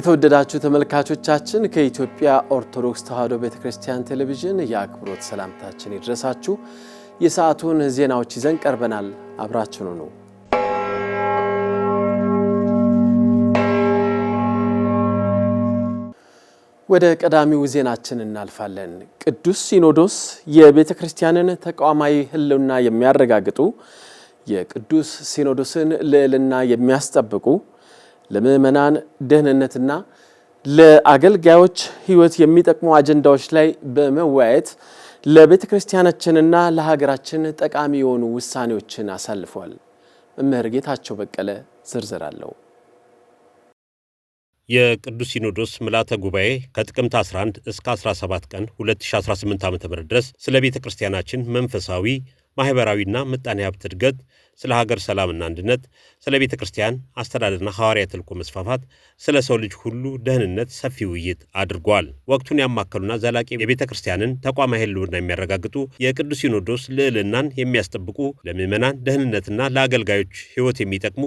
የተወደዳችሁ ተመልካቾቻችን ከኢትዮጵያ ኦርቶዶክስ ተዋሕዶ ቤተ ክርስቲያን ቴሌቪዥን የአክብሮት ሰላምታችን ይድረሳችሁ። የሰዓቱን ዜናዎች ይዘን ቀርበናል። አብራችኑ ነው። ወደ ቀዳሚው ዜናችን እናልፋለን። ቅዱስ ሲኖዶስ የቤተ ክርስቲያንን ተቋማዊ ሕልውና የሚያረጋግጡ የቅዱስ ሲኖዶስን ልዕልና የሚያስጠብቁ ለምእመናን ደህንነትና ለአገልጋዮች ሕይወት የሚጠቅሙ አጀንዳዎች ላይ በመወያየት ለቤተ ክርስቲያናችንና ለሀገራችን ጠቃሚ የሆኑ ውሳኔዎችን አሳልፏል። መምህር ጌታቸው በቀለ ዝርዝር አለው። የቅዱስ ሲኖዶስ ምልዓተ ጉባኤ ከጥቅምት 11 እስከ 17 ቀን 2018 ዓ ም ድረስ ስለ ቤተ ክርስቲያናችን መንፈሳዊ ማኅበራዊና ምጣኔ ሀብት እድገት ስለ ሀገር ሰላምና አንድነት፣ ስለ ቤተ ክርስቲያን አስተዳደርና ሐዋርያ ተልእኮ መስፋፋት፣ ስለ ሰው ልጅ ሁሉ ደህንነት ሰፊ ውይይት አድርጓል። ወቅቱን ያማከሉና ዘላቂ የቤተ ክርስቲያንን ተቋማዊ ሕልውና የሚያረጋግጡ የቅዱስ ሲኖዶስ ልዕልናን የሚያስጠብቁ ለምዕመናን ደህንነትና ለአገልጋዮች ሕይወት የሚጠቅሙ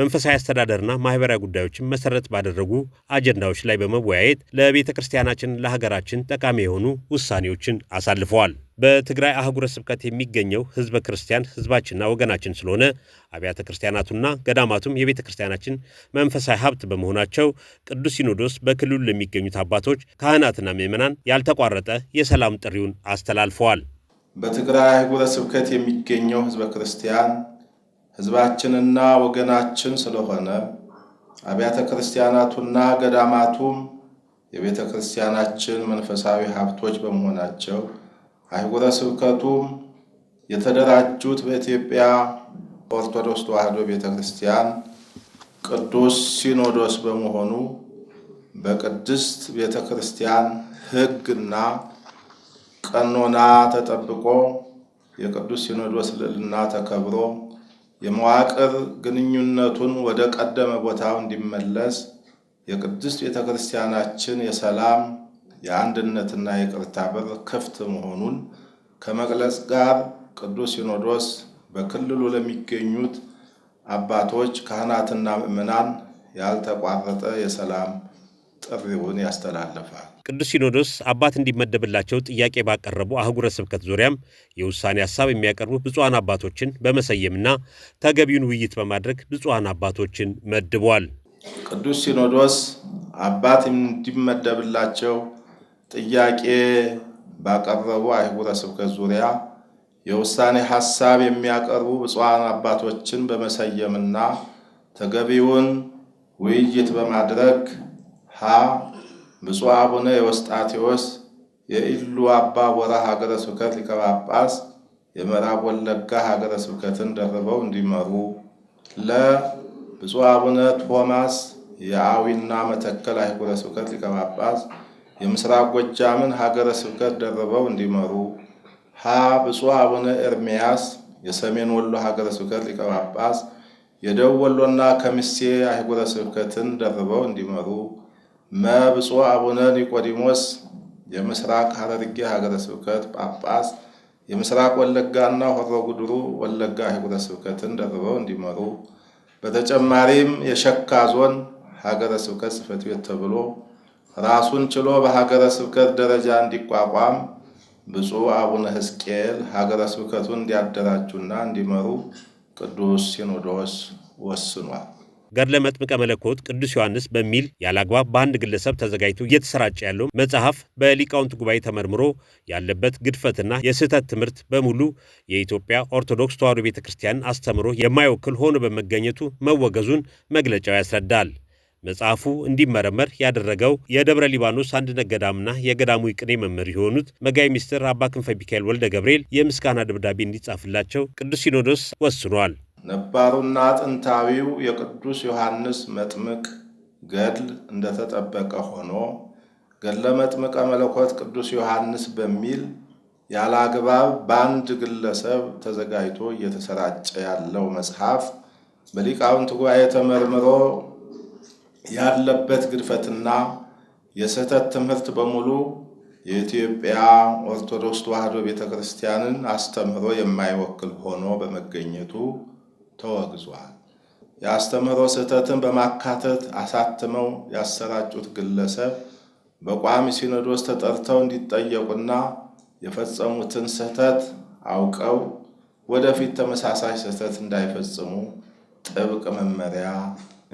መንፈሳዊ አስተዳደርና ማህበራዊ ጉዳዮችን መሰረት ባደረጉ አጀንዳዎች ላይ በመወያየት ለቤተ ክርስቲያናችን ለሀገራችን ጠቃሚ የሆኑ ውሳኔዎችን አሳልፈዋል። በትግራይ አህጉረ ስብከት የሚገኘው ህዝበ ክርስቲያን ህዝባችንና ወገናችን ስለሆነ ስለሆነ አብያተ ክርስቲያናቱና ገዳማቱም የቤተ ክርስቲያናችን መንፈሳዊ ሀብት በመሆናቸው ቅዱስ ሲኖዶስ በክልሉ ለሚገኙት አባቶች ካህናትና ምዕመናን ያልተቋረጠ የሰላም ጥሪውን አስተላልፈዋል። በትግራይ አህጉረ ስብከት የሚገኘው ህዝበ ክርስቲያን ህዝባችንና ወገናችን ስለሆነ አብያተ ክርስቲያናቱና ገዳማቱም የቤተ ክርስቲያናችን መንፈሳዊ ሀብቶች በመሆናቸው አህጉረ ስብከቱም የተደራጁት በኢትዮጵያ ኦርቶዶክስ ተዋሕዶ ቤተ ክርስቲያን ቅዱስ ሲኖዶስ በመሆኑ በቅድስት ቤተ ክርስቲያን ሕግና ቀኖና ተጠብቆ የቅዱስ ሲኖዶስ ልዕልና ተከብሮ የመዋቅር ግንኙነቱን ወደ ቀደመ ቦታው እንዲመለስ የቅድስት ቤተ ክርስቲያናችን የሰላም የአንድነትና የቅርታ በር ክፍት መሆኑን ከመግለጽ ጋር ቅዱስ ሲኖዶስ በክልሉ ለሚገኙት አባቶች ካህናትና ምዕመናን ያልተቋረጠ የሰላም ጥሪውን ያስተላልፋል። ቅዱስ ሲኖዶስ አባት እንዲመደብላቸው ጥያቄ ባቀረቡ አህጉረ ስብከት ዙሪያም የውሳኔ ሀሳብ የሚያቀርቡ ብፁዓን አባቶችን በመሰየምና ተገቢውን ውይይት በማድረግ ብፁዓን አባቶችን መድቧል። ቅዱስ ሲኖዶስ አባት እንዲመደብላቸው ጥያቄ ባቀረቡ አህጉረ ስብከት ዙሪያ የውሳኔ ሐሳብ የሚያቀርቡ ብፁዓን አባቶችን በመሰየምና ተገቢውን ውይይት በማድረግ ሀ ብፁዕ አቡነ የወስጣቴዎስ የኢሉ አባ ወራ ሀገረ ስብከት ሊቀ ጳጳስ የምዕራብ ወለጋ ሀገረ ስብከትን ደርበው እንዲመሩ፣ ለ ብፁዕ አቡነ ቶማስ የአዊና መተከል አህጉረ ስብከት ሊቀ ጳጳስ የምስራቅ ጎጃምን ሀገረ ስብከት ደርበው እንዲመሩ ሀ ብፁዕ አቡነ ኤርምያስ የሰሜን ወሎ ሀገረ ስብከት ሊቀ ጳጳስ የደቡብ ወሎና ከሚሴ አህጉረ ስብከትን ደርበው እንዲመሩ፣ መ ብፁዕ አቡነ ኒቆዲሞስ የምስራቅ ሀረርጌ ሀገረ ስብከት ጳጳስ የምስራቅ ወለጋና ሆሮ ጉድሩ ወለጋ አህጉረ ስብከትን ደርበው እንዲመሩ። በተጨማሪም የሸካ ዞን ሀገረ ስብከት ጽሕፈት ቤት ተብሎ ራሱን ችሎ በሀገረ ስብከት ደረጃ እንዲቋቋም ብፁዕ አቡነ ሕዝቅኤል ሀገረ ስብከቱን እንዲያደራጁና እንዲመሩ ቅዱስ ሲኖዶስ ወስኗል። ገድለ መጥምቀ መለኮት ቅዱስ ዮሐንስ በሚል ያላግባብ በአንድ ግለሰብ ተዘጋጅቶ እየተሰራጨ ያለው መጽሐፍ በሊቃውንት ጉባኤ ተመርምሮ ያለበት ግድፈትና የስህተት ትምህርት በሙሉ የኢትዮጵያ ኦርቶዶክስ ተዋሕዶ ቤተ ክርስቲያን አስተምሮ የማይወክል ሆኖ በመገኘቱ መወገዙን መግለጫው ያስረዳል። መጽሐፉ እንዲመረመር ያደረገው የደብረ ሊባኖስ አንድነት ገዳምና የገዳሙ ቅኔ መምህር የሆኑት መጋይ ሚኒስትር አባ ክንፈ ሚካኤል ወልደ ገብርኤል የምስጋና ደብዳቤ እንዲጻፍላቸው ቅዱስ ሲኖዶስ ወስኗል። ነባሩና ጥንታዊው የቅዱስ ዮሐንስ መጥምቅ ገድል እንደተጠበቀ ሆኖ ገድለ መጥምቀ መለኮት ቅዱስ ዮሐንስ በሚል ያለ አግባብ በአንድ ግለሰብ ተዘጋጅቶ እየተሰራጨ ያለው መጽሐፍ በሊቃውንት ጉባኤ ተመርምሮ ያለበት ግድፈትና የስህተት ትምህርት በሙሉ የኢትዮጵያ ኦርቶዶክስ ተዋሕዶ ቤተ ክርስቲያንን አስተምህሮ የማይወክል ሆኖ በመገኘቱ ተወግዟል። የአስተምህሮ ስህተትን በማካተት አሳትመው ያሰራጩት ግለሰብ በቋሚ ሲኖዶስ ተጠርተው እንዲጠየቁና የፈጸሙትን ስህተት አውቀው ወደፊት ተመሳሳይ ስህተት እንዳይፈጽሙ ጥብቅ መመሪያ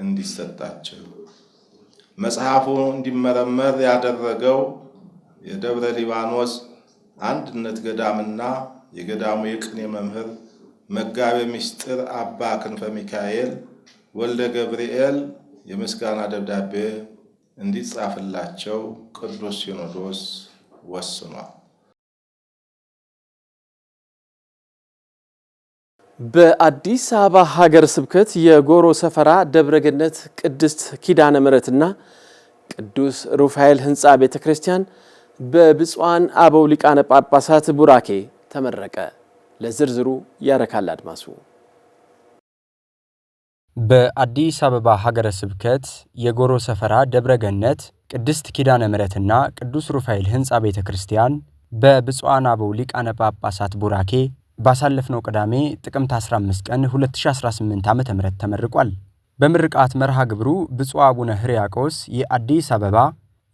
እንዲሰጣቸው መጽሐፉ እንዲመረመር ያደረገው የደብረ ሊባኖስ አንድነት ገዳምና የገዳሙ የቅኔ መምህር መጋቤ ምስጢር አባ ክንፈ ሚካኤል ወልደ ገብርኤል የምስጋና ደብዳቤ እንዲጻፍላቸው ቅዱስ ሲኖዶስ ወስኗል። በአዲስ አበባ ሀገረ ስብከት የጎሮ ሰፈራ ደብረገነት ቅድስት ኪዳነ ምሕረትና ቅዱስ ሩፋኤል ህንፃ ቤተ ክርስቲያን በብፁዓን አበው ሊቃነ ጳጳሳት ቡራኬ ተመረቀ። ለዝርዝሩ ያረካል አድማሱ። በአዲስ አበባ ሀገረ ስብከት የጎሮ ሰፈራ ደብረገነት ቅድስት ኪዳነ ምሕረትና ቅዱስ ሩፋኤል ህንፃ ቤተ ክርስቲያን በብፁዓን አበው ሊቃነ ጳጳሳት ቡራኬ ባሳለፍነው ቅዳሜ ጥቅምት 15 ቀን 2018 ዓ ም ተመርቋል። በምርቃት መርሃ ግብሩ ብፁዕ አቡነ ሕርያቆስ የአዲስ አበባ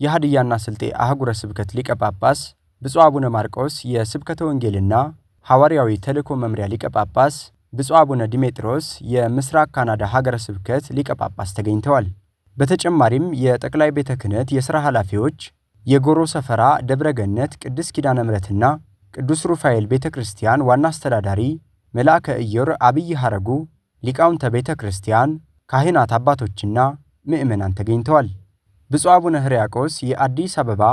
የሀድያና ስልጤ አህጉረ ስብከት ሊቀ ጳጳስ፣ ብፁዕ አቡነ ማርቆስ የስብከተ ወንጌልና ሐዋርያዊ ተልእኮ መምሪያ ሊቀ ጳጳስ፣ ብፁዕ አቡነ ዲሜጥሮስ የምስራቅ ካናዳ ሀገረ ስብከት ሊቀ ጳጳስ ተገኝተዋል። በተጨማሪም የጠቅላይ ቤተ ክህነት የሥራ ኃላፊዎች፣ የጎሮ ሰፈራ ደብረ ገነት ቅድስት ኪዳነ ምሕረትና ቅዱስ ሩፋኤል ቤተ ክርስቲያን ዋና አስተዳዳሪ፣ መልአከ ኢዮር አብይ ሐረጉ፣ ሊቃውንተ ቤተ ክርስቲያን፣ ካህናት አባቶችና ምእመናን ተገኝተዋል። ብፁዕ አቡነ ሕርያቆስ የአዲስ አበባ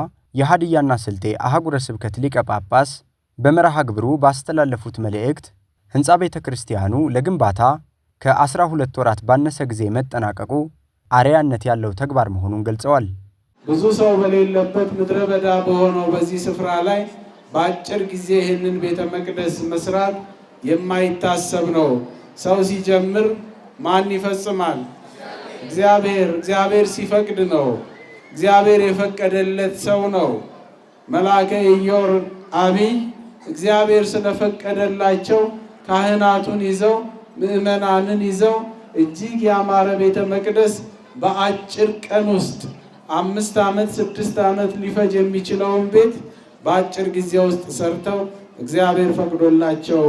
የሀድያና ስልጤ አህጉረ ስብከት ሊቀ ጳጳስ በመርሃ ግብሩ ባስተላለፉት መልእክት ሕንፃ ቤተ ክርስቲያኑ ለግንባታ ከ12 ወራት ባነሰ ጊዜ መጠናቀቁ አርያነት ያለው ተግባር መሆኑን ገልጸዋል። ብዙ ሰው በሌለበት ምድረ በዳ በሆነው በዚህ ስፍራ ላይ በአጭር ጊዜ ይህንን ቤተ መቅደስ መስራት የማይታሰብ ነው። ሰው ሲጀምር ማን ይፈጽማል? እግዚአብሔር። እግዚአብሔር ሲፈቅድ ነው። እግዚአብሔር የፈቀደለት ሰው ነው። መልአከ ኢዮር አቢይ እግዚአብሔር ስለፈቀደላቸው ካህናቱን ይዘው ምዕመናንን ይዘው እጅግ ያማረ ቤተ መቅደስ በአጭር ቀን ውስጥ አምስት ዓመት ስድስት ዓመት ሊፈጅ የሚችለውን ቤት በአጭር ጊዜ ውስጥ ሰርተው እግዚአብሔር ፈቅዶላቸው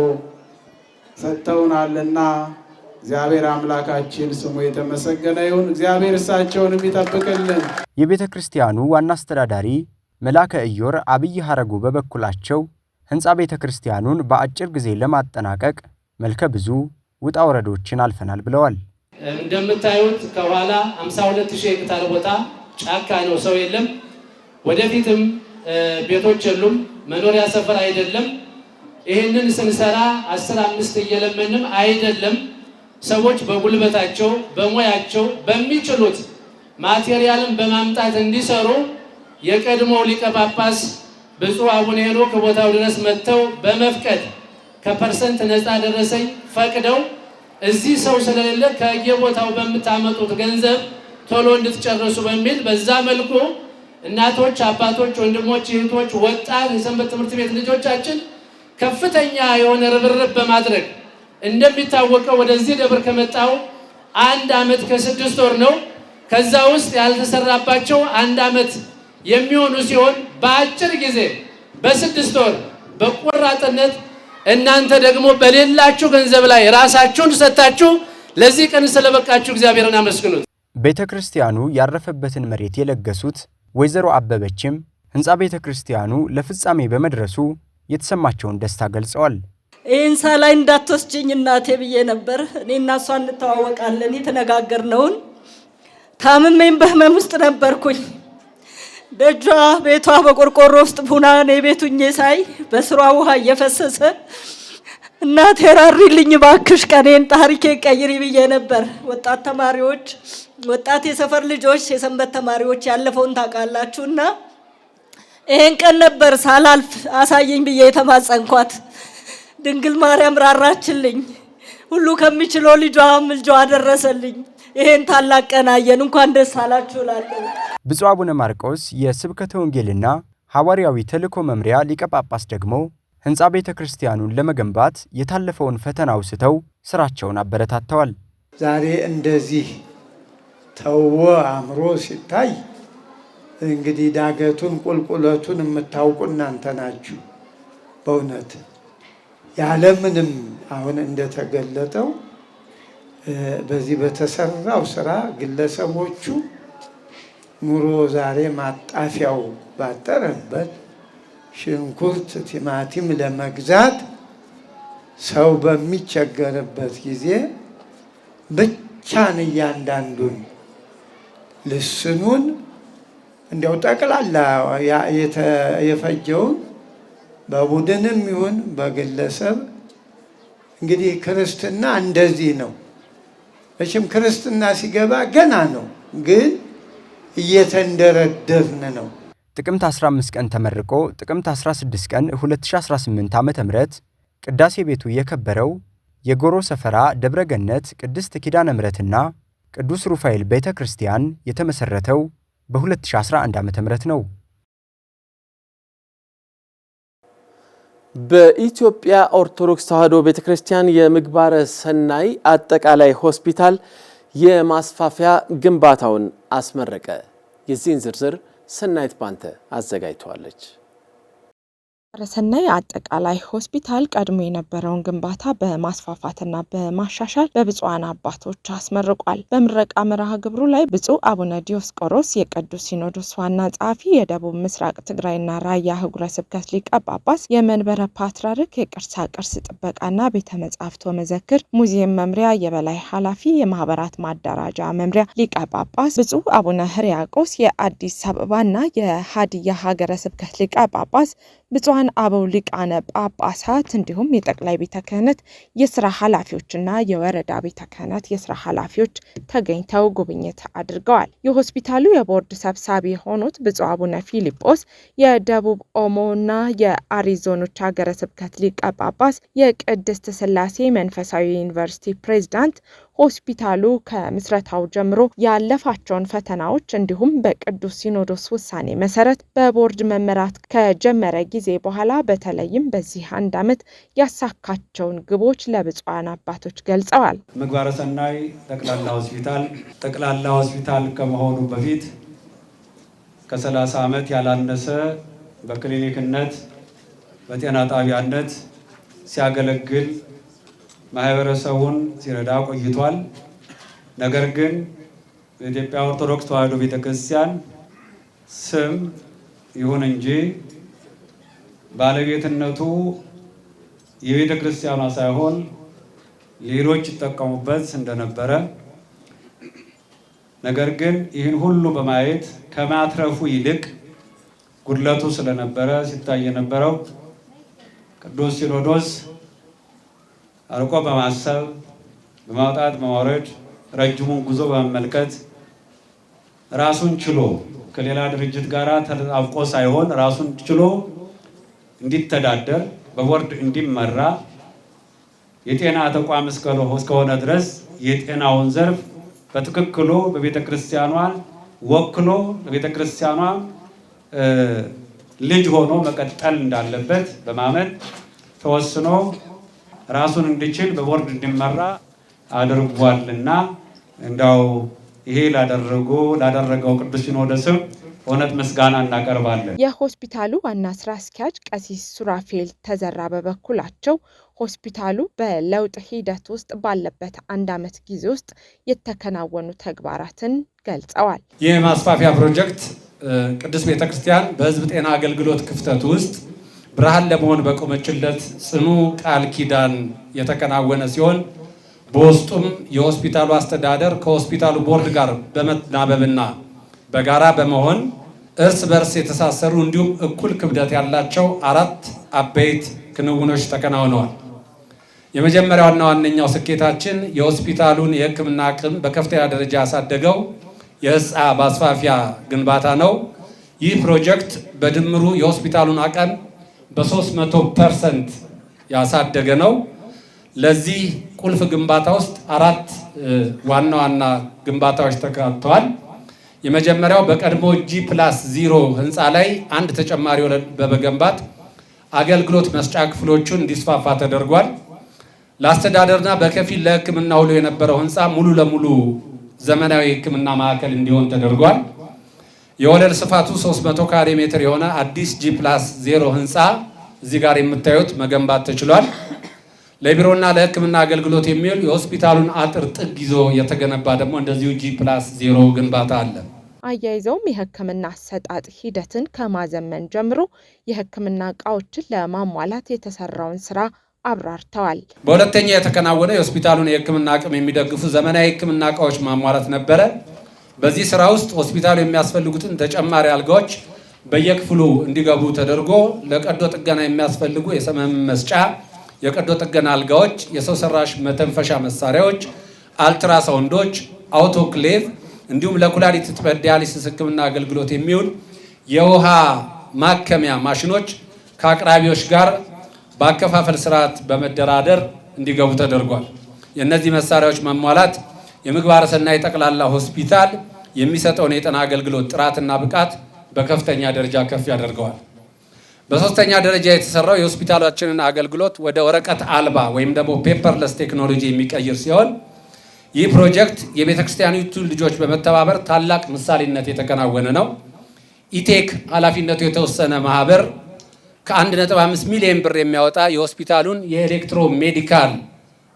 ሰጥተውናልና እግዚአብሔር አምላካችን ስሙ የተመሰገነ ይሁን። እግዚአብሔር እሳቸውንም ይጠብቅልን። የቤተ ክርስቲያኑ ዋና አስተዳዳሪ መልአከ እዮር አብይ ሐረጉ በበኩላቸው ሕንፃ ቤተ ክርስቲያኑን በአጭር ጊዜ ለማጠናቀቅ መልከ ብዙ ውጣ ውረዶችን አልፈናል ብለዋል። እንደምታዩት ከኋላ 52 ሺህ ሄክታር ቦታ ጫካ ነው፣ ሰው የለም። ወደፊትም ቤቶች የሉም፣ መኖሪያ ሰፈር አይደለም። ይህንን ስንሰራ አስር አምስት እየለመንም አይደለም። ሰዎች በጉልበታቸው በሙያቸው በሚችሉት ማቴሪያልን በማምጣት እንዲሰሩ የቀድሞው ሊቀ ጳጳስ ብፁዕ አቡነ ሄኖክ ከቦታው ድረስ መጥተው በመፍቀድ ከፐርሰንት ነፃ ደረሰኝ ፈቅደው እዚህ ሰው ስለሌለ ከየቦታው በምታመጡት ገንዘብ ቶሎ እንድትጨርሱ በሚል በዛ መልኩ እናቶች፣ አባቶች፣ ወንድሞች፣ እህቶች፣ ወጣት የሰንበት ትምህርት ቤት ልጆቻችን ከፍተኛ የሆነ ርብርብ በማድረግ እንደሚታወቀው ወደዚህ ደብር ከመጣው አንድ ዓመት ከስድስት ወር ነው። ከዛ ውስጥ ያልተሰራባቸው አንድ ዓመት የሚሆኑ ሲሆን በአጭር ጊዜ በስድስት ወር በቆራጥነት እናንተ ደግሞ በሌላችሁ ገንዘብ ላይ ራሳችሁን ሰጥታችሁ ለዚህ ቀን ስለበቃችሁ እግዚአብሔርን አመስግኑት። ቤተ ክርስቲያኑ ያረፈበትን መሬት የለገሱት ወይዘሮ አበበችም ህንፃ ቤተ ክርስቲያኑ ለፍጻሜ በመድረሱ የተሰማቸውን ደስታ ገልጸዋል። ይህ ህንፃ ላይ እንዳትወስጅኝ እናቴ ብዬ ነበር። እኔ እና እሷ እንተዋወቃለን የተነጋገርነውን። ታምሜም በህመም ውስጥ ነበርኩኝ። ደጇ ቤቷ በቆርቆሮ ውስጥ ቡና እኔ ቤቱኜ ሳይ በስሯ ውሃ እየፈሰሰ እናቴ ራሪልኝ ባክሽ፣ ቀኔን ታሪኬ ቀይሪ ብዬ ነበር። ወጣት ተማሪዎች ወጣት የሰፈር ልጆች፣ የሰንበት ተማሪዎች ያለፈውን ታውቃላችሁ እና ይሄን ቀን ነበር ሳላልፍ አሳየኝ ብዬ የተማጸንኳት ድንግል ማርያም ራራችልኝ። ሁሉ ከሚችለው ልጇ ምልጇ አደረሰልኝ። ይሄን ታላቅ ቀን አየን። እንኳን ደስ አላችሁ እላለሁ። ብፁዕ አቡነ ማርቆስ የስብከተ ወንጌልና ሐዋርያዊ ተልእኮ መምሪያ ሊቀ ጳጳስ ደግሞ ሕንፃ ቤተ ክርስቲያኑን ለመገንባት የታለፈውን ፈተና አውስተው ስራቸውን አበረታተዋል። ዛሬ እንደዚህ ተወ አምሮ ሲታይ እንግዲህ ዳገቱን ቁልቁለቱን የምታውቁ እናንተ ናችሁ። በእውነት ያለምንም አሁን እንደተገለጠው በዚህ በተሰራው ስራ ግለሰቦቹ ኑሮ ዛሬ ማጣፊያው ባጠረበት ሽንኩርት፣ ቲማቲም ለመግዛት ሰው በሚቸገርበት ጊዜ ብቻን እያንዳንዱን ልስኑን እንዲያው ጠቅላላ የፈጀውን በቡድንም ይሁን በግለሰብ እንግዲህ ክርስትና እንደዚህ ነው። መቼም ክርስትና ሲገባ ገና ነው፣ ግን እየተንደረደርን ነው። ጥቅምት 15 ቀን ተመርቆ ጥቅምት 16 ቀን 2018 ዓ ም ቅዳሴ ቤቱ የከበረው የጎሮ ሰፈራ ደብረ ገነት ቅድስት ኪዳነ ምሕረትና ቅዱስ ሩፋኤል ቤተ ክርስቲያን የተመሠረተው በ2011 ዓ ም ነው። በኢትዮጵያ ኦርቶዶክስ ተዋሕዶ ቤተ ክርስቲያን የምግባረ ሰናይ አጠቃላይ ሆስፒታል የማስፋፊያ ግንባታውን አስመረቀ። የዚህን ዝርዝር ሰናይት ባንተ አዘጋጅተዋለች። ማህበረሰናይ አጠቃላይ ሆስፒታል ቀድሞ የነበረውን ግንባታ በማስፋፋትና በማሻሻል በብፁዓን አባቶች አስመርቋል። በምረቃ መርሃ ግብሩ ላይ ብፁዕ አቡነ ዲዮስቆሮስ የቅዱስ ሲኖዶስ ዋና ጸሐፊ፣ የደቡብ ምስራቅ ትግራይና ራያ አህጉረ ስብከት ሊቀ ጳጳስ፣ የመንበረ ፓትርያርክ የቅርሳ ቅርስ ጥበቃና ቤተ መጻሕፍት መዘክር ሙዚየም መምሪያ የበላይ ኃላፊ፣ የማህበራት ማደራጃ መምሪያ ሊቀ ጳጳስ፣ ብፁዕ አቡነ ህርያቆስ የአዲስ አበባና የሀዲያ ሀገረ ስብከት ሊቀ ጳጳስ ብፁዓን አበው ሊቃነ ጳጳሳት እንዲሁም የጠቅላይ ቤተ ክህነት የስራ ኃላፊዎችና የወረዳ ቤተ ክህነት የስራ ኃላፊዎች ተገኝተው ጉብኝት አድርገዋል። የሆስፒታሉ የቦርድ ሰብሳቢ የሆኑት ብፁዕ አቡነ ፊልጶስ የደቡብ ኦሞና የአሪዞኖች ሀገረ ስብከት ሊቀ ጳጳስ፣ የቅድስት ስላሴ መንፈሳዊ ዩኒቨርሲቲ ፕሬዝዳንት ሆስፒታሉ ከምስረታው ጀምሮ ያለፋቸውን ፈተናዎች እንዲሁም በቅዱስ ሲኖዶስ ውሳኔ መሰረት በቦርድ መመራት ከጀመረ ጊዜ በኋላ በተለይም በዚህ አንድ ዓመት ያሳካቸውን ግቦች ለብፁዓን አባቶች ገልጸዋል። ምግባረ ሰናይ ጠቅላላ ሆስፒታል ጠቅላላ ሆስፒታል ከመሆኑ በፊት ከ30 ዓመት ያላነሰ በክሊኒክነት በጤና ጣቢያነት ሲያገለግል ማህበረሰቡን ሲረዳ ቆይቷል። ነገር ግን በኢትዮጵያ ኦርቶዶክስ ተዋሕዶ ቤተክርስቲያን ስም ይሁን እንጂ ባለቤትነቱ የቤተ ክርስቲያኗ ሳይሆን ሌሎች ይጠቀሙበት እንደነበረ ነገር ግን ይህን ሁሉ በማየት ከማትረፉ ይልቅ ጉድለቱ ስለነበረ ሲታይ የነበረው ቅዱስ ሲኖዶስ አርቆ በማሰብ በማውጣት በማውረድ ረጅሙን ጉዞ በመመልከት ራሱን ችሎ ከሌላ ድርጅት ጋር ተጣብቆ ሳይሆን ራሱን ችሎ እንዲተዳደር በቦርድ እንዲመራ የጤና ተቋም እስከሆነ ድረስ የጤናውን ዘርፍ በትክክሉ በቤተ ክርስቲያኗ ወክሎ በቤተ ክርስቲያኗ ልጅ ሆኖ መቀጠል እንዳለበት በማመን ተወስኖ ራሱን እንዲችል በቦርድ እንዲመራ አድርጓልና እንዳው ይሄ ላደረጉ ላደረገው ቅዱስ ሲኖዶስም እውነት ምስጋና እናቀርባለን። የሆስፒታሉ ዋና ስራ አስኪያጅ ቀሲስ ሱራፌል ተዘራ በበኩላቸው ሆስፒታሉ በለውጥ ሂደት ውስጥ ባለበት አንድ ዓመት ጊዜ ውስጥ የተከናወኑ ተግባራትን ገልጸዋል። ይህ ማስፋፊያ ፕሮጀክት ቅዱስ ቤተክርስቲያን በህዝብ ጤና አገልግሎት ክፍተት ውስጥ ብርሃን ለመሆን በቆመችለት ጽኑ ቃል ኪዳን የተከናወነ ሲሆን በውስጡም የሆስፒታሉ አስተዳደር ከሆስፒታሉ ቦርድ ጋር በመናበብና በጋራ በመሆን እርስ በርስ የተሳሰሩ እንዲሁም እኩል ክብደት ያላቸው አራት አበይት ክንውኖች ተከናውነዋል። የመጀመሪያውና ዋነኛው ስኬታችን የሆስፒታሉን የሕክምና አቅም በከፍተኛ ደረጃ ያሳደገው የህንፃ ማስፋፊያ ግንባታ ነው። ይህ ፕሮጀክት በድምሩ የሆስፒታሉን አቅም በ300 ፐርሰንት ያሳደገ ነው። ለዚህ ቁልፍ ግንባታ ውስጥ አራት ዋና ዋና ግንባታዎች ተካተዋል። የመጀመሪያው በቀድሞ ጂ ፕላስ ዚሮ ህንፃ ላይ አንድ ተጨማሪ ወለል በመገንባት አገልግሎት መስጫ ክፍሎቹን እንዲስፋፋ ተደርጓል። ለአስተዳደርና በከፊል ለሕክምና ውሎ የነበረው ህንፃ ሙሉ ለሙሉ ዘመናዊ ሕክምና ማዕከል እንዲሆን ተደርጓል። የወለል ስፋቱ 300 ካሬ ሜትር የሆነ አዲስ ጂ ፕላስ ዜሮ ህንፃ እዚህ ጋር የምታዩት መገንባት ተችሏል። ለቢሮና ለሕክምና አገልግሎት የሚውል የሆስፒታሉን አጥር ጥግ ይዞ የተገነባ ደግሞ እንደዚሁ ጂ ፕላስ ዜሮ ግንባታ አለ። አያይዘውም የሕክምና አሰጣጥ ሂደትን ከማዘመን ጀምሮ የሕክምና እቃዎችን ለማሟላት የተሰራውን ስራ አብራርተዋል። በሁለተኛ የተከናወነ የሆስፒታሉን የሕክምና አቅም የሚደግፉ ዘመናዊ የሕክምና እቃዎች ማሟላት ነበረ። በዚህ ስራ ውስጥ ሆስፒታሉ የሚያስፈልጉትን ተጨማሪ አልጋዎች በየክፍሉ እንዲገቡ ተደርጎ ለቀዶ ጥገና የሚያስፈልጉ የሰመም መስጫ፣ የቀዶ ጥገና አልጋዎች፣ የሰው ሰራሽ መተንፈሻ መሳሪያዎች፣ አልትራሳውንዶች፣ አውቶክሌቭ እንዲሁም ለኩላሊት እጥበት ዲያሊሲስ አገልግሎት የሚውል የውሃ ማከሚያ ማሽኖች ከአቅራቢዎች ጋር በአከፋፈል ስርዓት በመደራደር እንዲገቡ ተደርጓል። የእነዚህ መሳሪያዎች መሟላት የምግባረ ሰናይ ጠቅላላ ሆስፒታል የሚሰጠውን የጤና አገልግሎት ጥራትና ብቃት በከፍተኛ ደረጃ ከፍ ያደርገዋል። በሶስተኛ ደረጃ የተሰራው የሆስፒታላችንን አገልግሎት ወደ ወረቀት አልባ ወይም ደግሞ ፔፐርለስ ቴክኖሎጂ የሚቀይር ሲሆን ይህ ፕሮጀክት የቤተክርስቲያኒቱ ልጆች በመተባበር ታላቅ ምሳሌነት የተከናወነ ነው። ኢቴክ ኃላፊነቱ የተወሰነ ማህበር ከ1.5 ሚሊዮን ብር የሚያወጣ የሆስፒታሉን የኤሌክትሮ ሜዲካል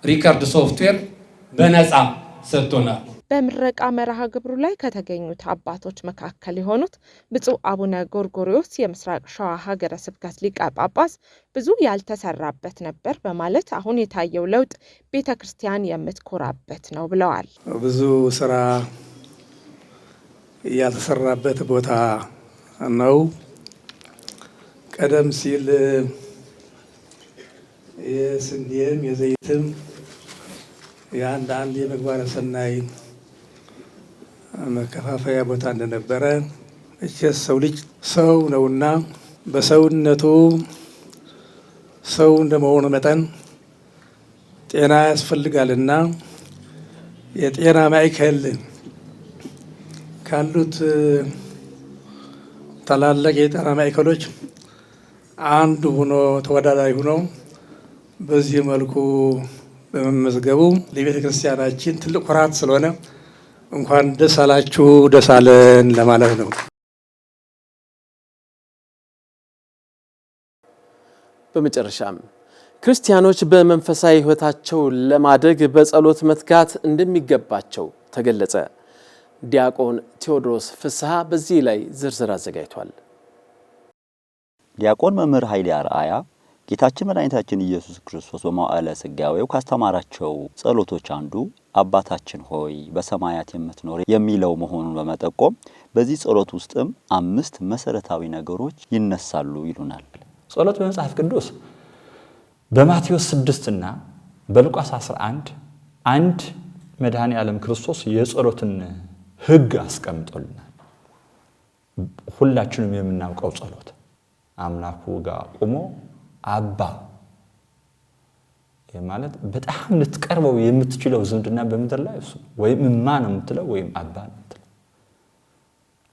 ሪከርድ ሶፍትዌር በነፃ ሰጥቶናል። በምረቃ መርሃ ግብሩ ላይ ከተገኙት አባቶች መካከል የሆኑት ብፁዕ አቡነ ጎርጎሪዎስ የምስራቅ ሸዋ ሀገረ ስብከት ሊቀ ጳጳስ ብዙ ያልተሰራበት ነበር በማለት አሁን የታየው ለውጥ ቤተ ክርስቲያን የምትኮራበት ነው ብለዋል። ብዙ ስራ ያልተሰራበት ቦታ ነው። ቀደም ሲል የስንዴም የዘይትም የአንድ አንድ የምግባረ ሰናይ መከፋፈያ ቦታ እንደነበረ እቼ ሰው ልጅ ሰው ነውና በሰውነቱ ሰው እንደመሆኑ መጠን ጤና ያስፈልጋልና የጤና ማዕከል ካሉት ታላላቅ የጤና ማዕከሎች አንዱ ሆኖ ተወዳዳሪ ሆኖ በዚህ መልኩ በመመዝገቡ ለቤተ ክርስቲያናችን ትልቅ ኩራት ስለሆነ እንኳን ደስ አላችሁ ደስ አለን ለማለት ነው። በመጨረሻም ክርስቲያኖች በመንፈሳዊ ሕይወታቸው ለማደግ በጸሎት መትጋት እንደሚገባቸው ተገለጸ። ዲያቆን ቴዎድሮስ ፍስሐ በዚህ ላይ ዝርዝር አዘጋጅቷል። ዲያቆን መምህር ኃይሌ አርአያ ጌታችን መድኃኒታችን ኢየሱስ ክርስቶስ በመዋዕለ ስጋዌው ካስተማራቸው ጸሎቶች አንዱ አባታችን ሆይ በሰማያት የምትኖር የሚለው መሆኑን በመጠቆም በዚህ ጸሎት ውስጥም አምስት መሰረታዊ ነገሮች ይነሳሉ ይሉናል። ጸሎት በመጽሐፍ ቅዱስ በማቴዎስ 6 እና በሉቃስ 11 አንድ መድኃኔ ዓለም ክርስቶስ የጸሎትን ሕግ አስቀምጦልናል። ሁላችንም የምናውቀው ጸሎት አምላኩ ጋር ቁሞ አባ ማለት በጣም ልትቀርበው የምትችለው ዝምድና በምድር ላይ እሱ ወይም እማ ነው የምትለው ወይም አባ ነው የምትለው።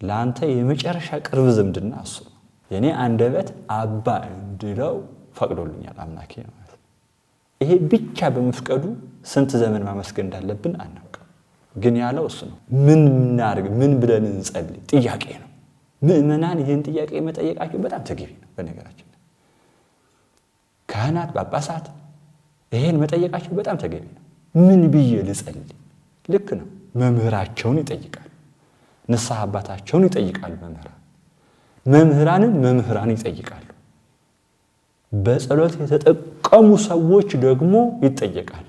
ለአንተ የመጨረሻ ቅርብ ዝምድና እሱ ነው። የእኔ አንደበት አባ እንድለው ፈቅዶልኛል አምላኬ ማለት ነው። ይሄ ብቻ በመፍቀዱ ስንት ዘመን ማመስገን እንዳለብን አናውቅም። ግን ያለው እሱ ነው። ምን ምናርግ ምን ብለን እንጸልይ ጥያቄ ነው። ምእመናን ይህን ጥያቄ መጠየቃቸው በጣም ተገቢ ነው በነገራቸው ካህናት፣ ጳጳሳት ይሄን መጠየቃቸው በጣም ተገቢ ነው። ምን ብዬ ልጸልይ? ልክ ነው። መምህራቸውን ይጠይቃሉ። ንስሐ አባታቸውን ይጠይቃሉ። መምህራን መምህራንን መምህራን ይጠይቃሉ። በጸሎት የተጠቀሙ ሰዎች ደግሞ ይጠየቃሉ።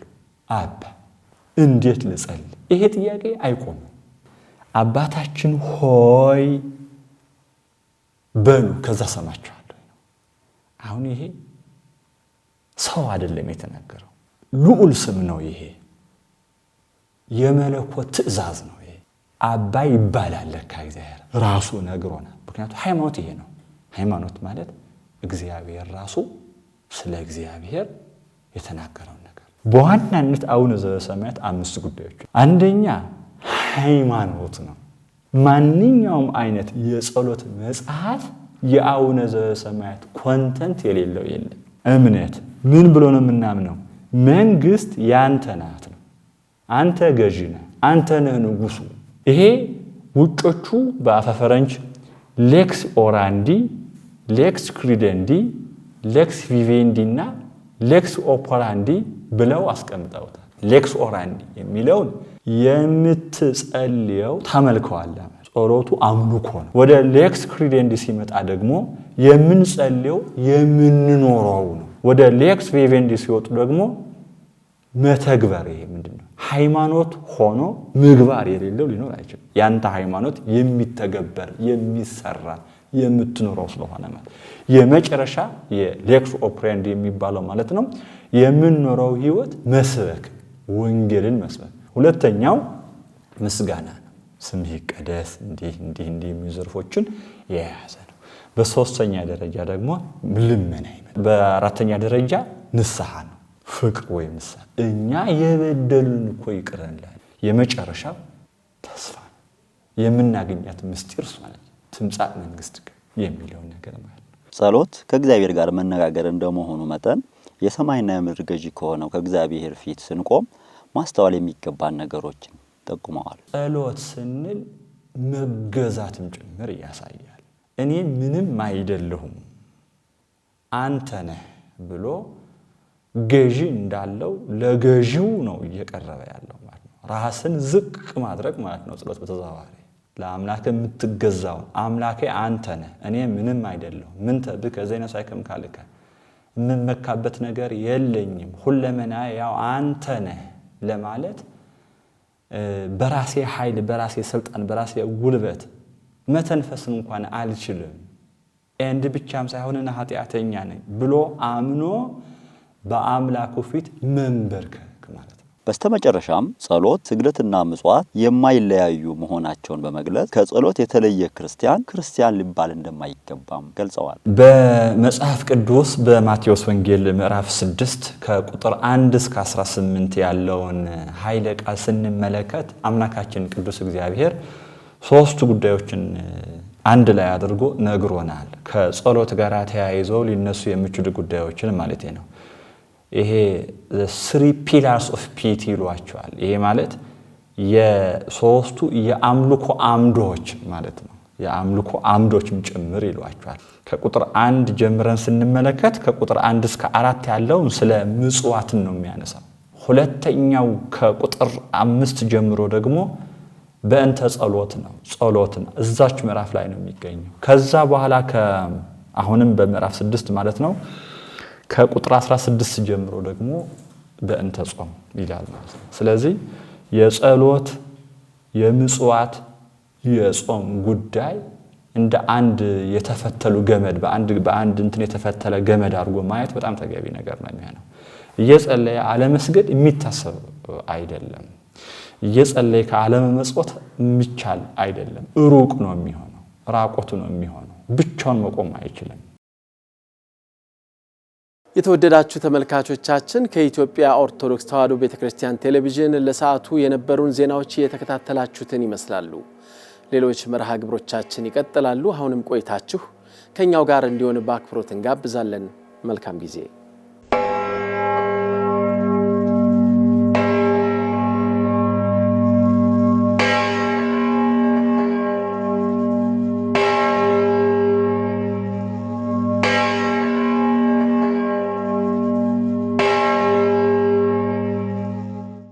አባ እንዴት ልጸል ይሄ ጥያቄ አይቆምም። አባታችን ሆይ በሉ፣ ከዛ ሰማችኋለሁ። አሁን ይሄ ሰው አይደለም የተነገረው። ልዑል ስም ነው ይሄ። የመለኮት ትእዛዝ ነው ይሄ። አባይ ይባላል ለካ እግዚአብሔር ራሱ ነግሮናል። ምክንያቱም ሃይማኖት ይሄ ነው። ሃይማኖት ማለት እግዚአብሔር ራሱ ስለ እግዚአብሔር የተናገረውን ነገር በዋናነት አቡነ ዘበሰማያት አምስት ጉዳዮች፣ አንደኛ ሃይማኖት ነው። ማንኛውም አይነት የጸሎት መጽሐፍ የአቡነ ዘበሰማያት ኮንተንት የሌለው የለም። እምነት ምን ብሎ ነው የምናምነው? መንግስት ያንተ ናት ነው። አንተ ገዢ ነህ፣ አንተ ነህ ንጉሱ። ይሄ ውጮቹ በአፈፈረንች ሌክስ ኦራንዲ፣ ሌክስ ክሪደንዲ፣ ሌክስ ቪቬንዲ እና ሌክስ ኦፖራንዲ ብለው አስቀምጠውታል። ሌክስ ኦራንዲ የሚለውን የምትጸልየው ታመልከዋለ ጸሎቱ አምልኮ ነው። ወደ ሌክስ ክሪደንዲ ሲመጣ ደግሞ የምንጸልየው የምንኖረው ነው። ወደ ሌክስ ቬቬንዲ ሲወጡ ደግሞ መተግበር ይሄ ምንድን ነው? ሃይማኖት ሆኖ ምግባር የሌለው ሊኖር አይችልም። ያንተ ሃይማኖት የሚተገበር የሚሰራ የምትኖረው ስለሆነ ማለት የመጨረሻ የሌክስ ኦፕሬንድ የሚባለው ማለት ነው የምንኖረው ህይወት መስበክ፣ ወንጌልን መስበክ። ሁለተኛው ምስጋና ነው። ስምህ ይቀደስ እንዲህ እንዲህ እንዲህ የሚዘርፎችን የያዘ በሶስተኛ ደረጃ ደግሞ ልመና ይመጣል። በአራተኛ ደረጃ ንስሐ ነው። ፍቅር ወይም ንስሐ እኛ የበደሉን እኮ ይቅረንላል። የመጨረሻው ተስፋ ነው። የምናገኛት ምስጢር ማለት ትምጻእ መንግስት የሚለውን ነገር ማለት ነው። ጸሎት ከእግዚአብሔር ጋር መነጋገር እንደመሆኑ መጠን የሰማይና የምድር ገዢ ከሆነው ከእግዚአብሔር ፊት ስንቆም ማስተዋል የሚገባን ነገሮችን ጠቁመዋል። ጸሎት ስንል መገዛትም ጭምር ያሳያል። እኔ ምንም አይደለሁም አንተ ነህ ብሎ ገዢ እንዳለው ለገዢው ነው እየቀረበ ያለው ማለት ነው። ራስን ዝቅ ማድረግ ማለት ነው ጸሎት በተዘዋዋሪ ለአምላክ የምትገዛው አምላኬ አንተ ነህ፣ እኔ ምንም አይደለሁም። ምንተ ከዘይነ ሳይክም ካልከ የምመካበት ነገር የለኝም፣ ሁለመና ያው አንተ ነህ ለማለት በራሴ ኃይል፣ በራሴ ስልጣን፣ በራሴ ጉልበት መተንፈስ እንኳን አልችልም እንድ ብቻም ሳይሆን እና ኃጢአተኛ ነኝ ብሎ አምኖ በአምላኩ ፊት መንበርከክ ማለት ነው። በስተመጨረሻም ጸሎት፣ ስግደትና ምጽዋት የማይለያዩ መሆናቸውን በመግለጽ ከጸሎት የተለየ ክርስቲያን ክርስቲያን ሊባል እንደማይገባም ገልጸዋል። በመጽሐፍ ቅዱስ በማቴዎስ ወንጌል ምዕራፍ 6 ከቁጥር 1 እስከ 18 ያለውን ኃይለ ቃል ስንመለከት አምላካችን ቅዱስ እግዚአብሔር ሶስቱ ጉዳዮችን አንድ ላይ አድርጎ ነግሮናል። ከጸሎት ጋር ተያይዘው ሊነሱ የሚችሉ ጉዳዮችን ማለት ነው። ይሄ ስሪ ፒላርስ ኦፍ ፒቲ ይሏቸዋል። ይሄ ማለት የሶስቱ የአምልኮ አምዶች ማለት ነው። የአምልኮ አምዶችም ጭምር ይሏቸዋል። ከቁጥር አንድ ጀምረን ስንመለከት ከቁጥር አንድ እስከ አራት ያለውን ስለ ምጽዋትን ነው የሚያነሳው። ሁለተኛው ከቁጥር አምስት ጀምሮ ደግሞ በእንተ ጸሎት ነው ጸሎት ነው እዛች ምዕራፍ ላይ ነው የሚገኘው። ከዛ በኋላ አሁንም በምዕራፍ ስድስት ማለት ነው ከቁጥር 16 ጀምሮ ደግሞ በእንተ ጾም ይላል ማለት ነው። ስለዚህ የጸሎት የምጽዋት የጾም ጉዳይ እንደ አንድ የተፈተሉ ገመድ በአንድ በአንድ እንትን የተፈተለ ገመድ አድርጎ ማየት በጣም ተገቢ ነገር ነው የሚሆነው። እየጸለየ አለመስገድ የሚታሰብ አይደለም። እየጸለይ ከአለመመጽወት የሚቻል አይደለም። ሩቅ ነው የሚሆነው፣ ራቆት ነው የሚሆነው። ብቻውን መቆም አይችልም። የተወደዳችሁ ተመልካቾቻችን ከኢትዮጵያ ኦርቶዶክስ ተዋሕዶ ቤተ ክርስቲያን ቴሌቪዥን ለሰዓቱ የነበሩን ዜናዎች እየተከታተላችሁትን ይመስላሉ። ሌሎች መርሃ ግብሮቻችን ይቀጥላሉ። አሁንም ቆይታችሁ ከእኛው ጋር እንዲሆን በአክብሮት እንጋብዛለን። መልካም ጊዜ